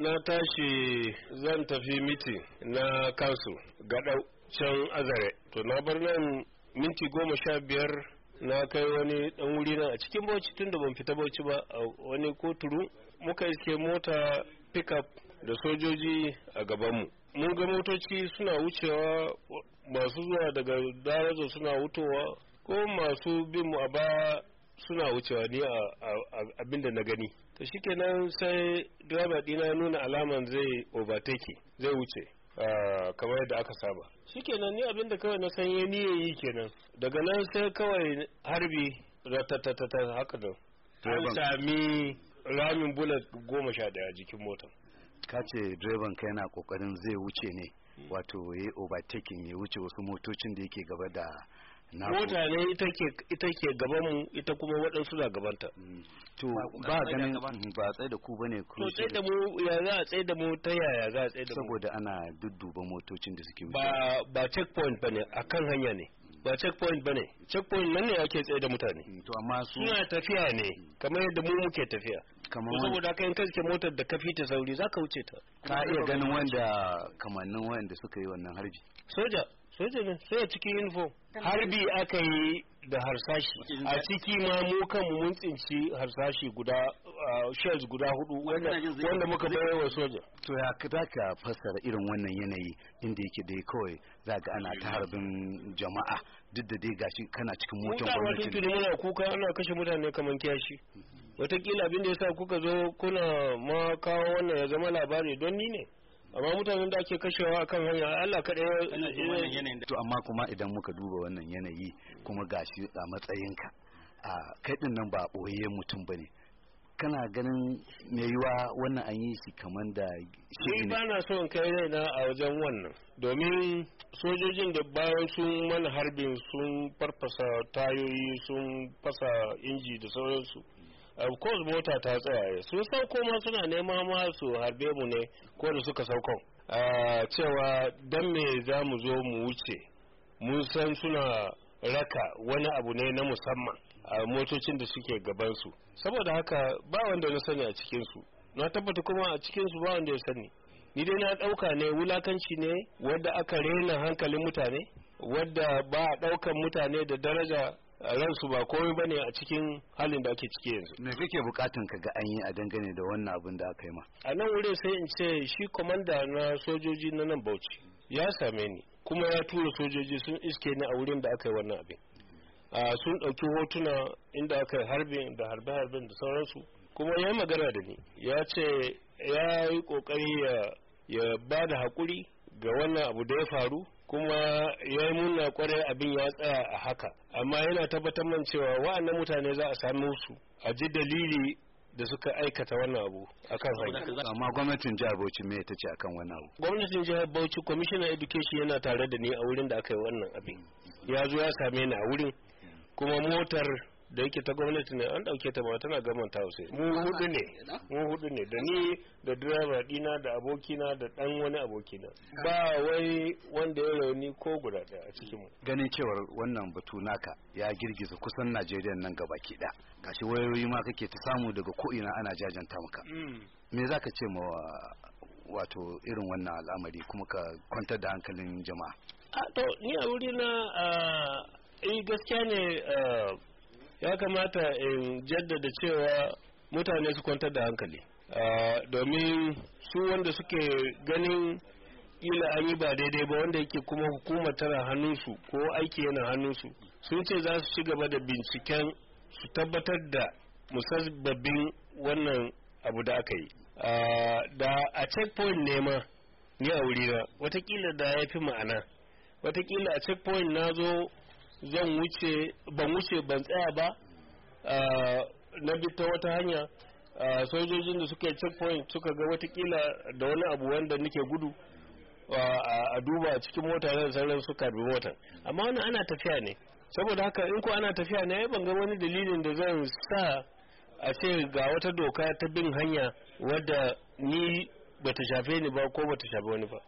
na tashi zan tafi miti na kansu gadau can azare to na bar nan minti goma sha biyar na kai wani dan wuri nan a cikin bauchi tun da ban fita bauchi ba a wani koturu muka iske mota pickup da sojoji a gabanmu mun ga motoci suna wucewa masu zuwa daga darajar suna wutowa ko masu bin mu a baya suna wucewa ni abin da na gani to shikenan sai driver dina nuna alaman zai overtake zai wuce ah, kamar yadda aka saba shikenan ni abin da kawai na san ya yi kenan daga nan sai kawai harbi ratatatata haka da an sami ramin bullet goma sha jikin motar ka ce direban ka yana kokarin zai wuce ne wato ya yi overtaking ya wuce wasu motocin da yake gaba da mota ne ita ke gaban mu ita kuma waɗansu na gabanta mm. to ba ganin ba a tsaye da ku bane ku to tsaye da mu ya za a tsaye da mu ta yaya za a tsaye da mu saboda ana dudduba motocin da suke ba ba checkpoint bane akan hanya ne mm. ba checkpoint bane checkpoint nan ne ake tsaye da mutane mm, to amma su suna tafiya ne kamar yadda mu muke tafiya kamar wanda saboda kai kanke motar da kafi ta sauri za ka wuce ta ka iya ganin wanda kamannin wanda suka yi wannan harbi soja soja sai a cikin uniform harbi aka yi da harsashi a ciki ma mu kan mun tsinci harsashi guda shells guda hudu wanda muka bayar wa soja to ya za ka fassara irin wannan yanayi inda yake dai kawai za ga ana ta harbin jama'a duk da dai gashi kana cikin motar gwamnati mun tuni muna kuka ana kashe mutane kamar kiyashi watakila abin da yasa kuka zo kuna ma kawo wannan ya zama labari don ni ne amma mutanen da ake kashewa kan hanya Allah kaɗai ya to amma kuma idan muka duba wannan yanayi kuma gashi a matsayin ka a kai din nan ba boye mutum bane kana ganin me yiwa wannan an yi shi kamar da shi ba na son kai raina a wajen wannan domin sojojin da bayan sun mana harbin sun farfasa tayoyi sun fasa inji da sauransu of course mota ta tsaya su sauko ma suna nema ma su harbe mu ne ko da suka sauko ah, cewa dan me za mu zo mu wuce mun san suna raka wani abu ne na musamman a motocin da suke gabansu saboda haka ba wanda na sani a cikinsu na tabbata kuma a cikinsu ba wanda ya sani ni dai na ɗauka ne wulakanci ne wadda aka rena hankalin mutane wadda ba a ɗaukan mutane da daraja ransu ba komai bane a cikin halin da ake ciki yanzu me kake bukatun ka ga an yi a dangane da wannan abin da aka yi ma a nan wurin sai in ce shi komanda na sojoji na nan Bauchi ya same ni kuma ya tura sojoji sun iske ni a wurin da aka yi wannan abin sun ɗauki hotuna inda aka yi harbin da harbe-harben da sauransu kuma ya magana da ni ya ce ya yi ƙoƙari ya ba da hakuri ga wannan abu da ya faru kuma ya yi muna kwarai abin ya tsaya a haka amma yana tabbatar man cewa wa'annan mutane za a same su a ji dalili da suka aikata wannan abu kan hanya amma gwamnatin jihar Bauchi me ta ce akan wannan abu gwamnatin jihar Bauchi commissioner education yana tare da ni a wurin da aka yi wannan abin ya zo ya same ni a wurin kuma motar da yake ta gwamnati ne an dauke ta ba tana gaman ta hausai. mu hudu ne mu hudu ne da ni da driver dina da abokina da dan wani abokina ba wai wanda ya rauni ko guda daya a cikin mu ganin cewar wannan batu naka ya girgiza kusan Najeriya nan gaba ke da gashi wayoyi ma kake ta samu daga ko ina ana jajanta maka mm. me zaka ce ma wato irin wannan al'amari kuma ka kwantar da hankalin jama'a a to ni a wuri na eh gaskiya ne eh, ya kamata in jaddada cewa mutane su kwantar da hankali ah, domin su wanda suke ganin ila an yi ba daidai ba wanda yake kuma hukumar tana hannunsu ko aiki yana hannunsu sun ce za su ci gaba da binciken su tabbatar da musabbabin wannan abu da aka yi ah, da a checkpoint nema ni a wurina watakila da ya fi ma'ana watakila a checkpoint na zo zan wuce ban wuce ban tsaya ba na bi ta wata hanya sojojin da suka checkpoint suka ga watakila da wani abu wanda nake gudu a duba cikin mota nan sauran suka bi motan amma wani ana tafiya ne saboda haka in ko ana tafiya ne ban ga wani dalilin da zan sa a ce ga wata doka ta bin hanya wadda ni bata shafe ni ba ko bata shafe wani ba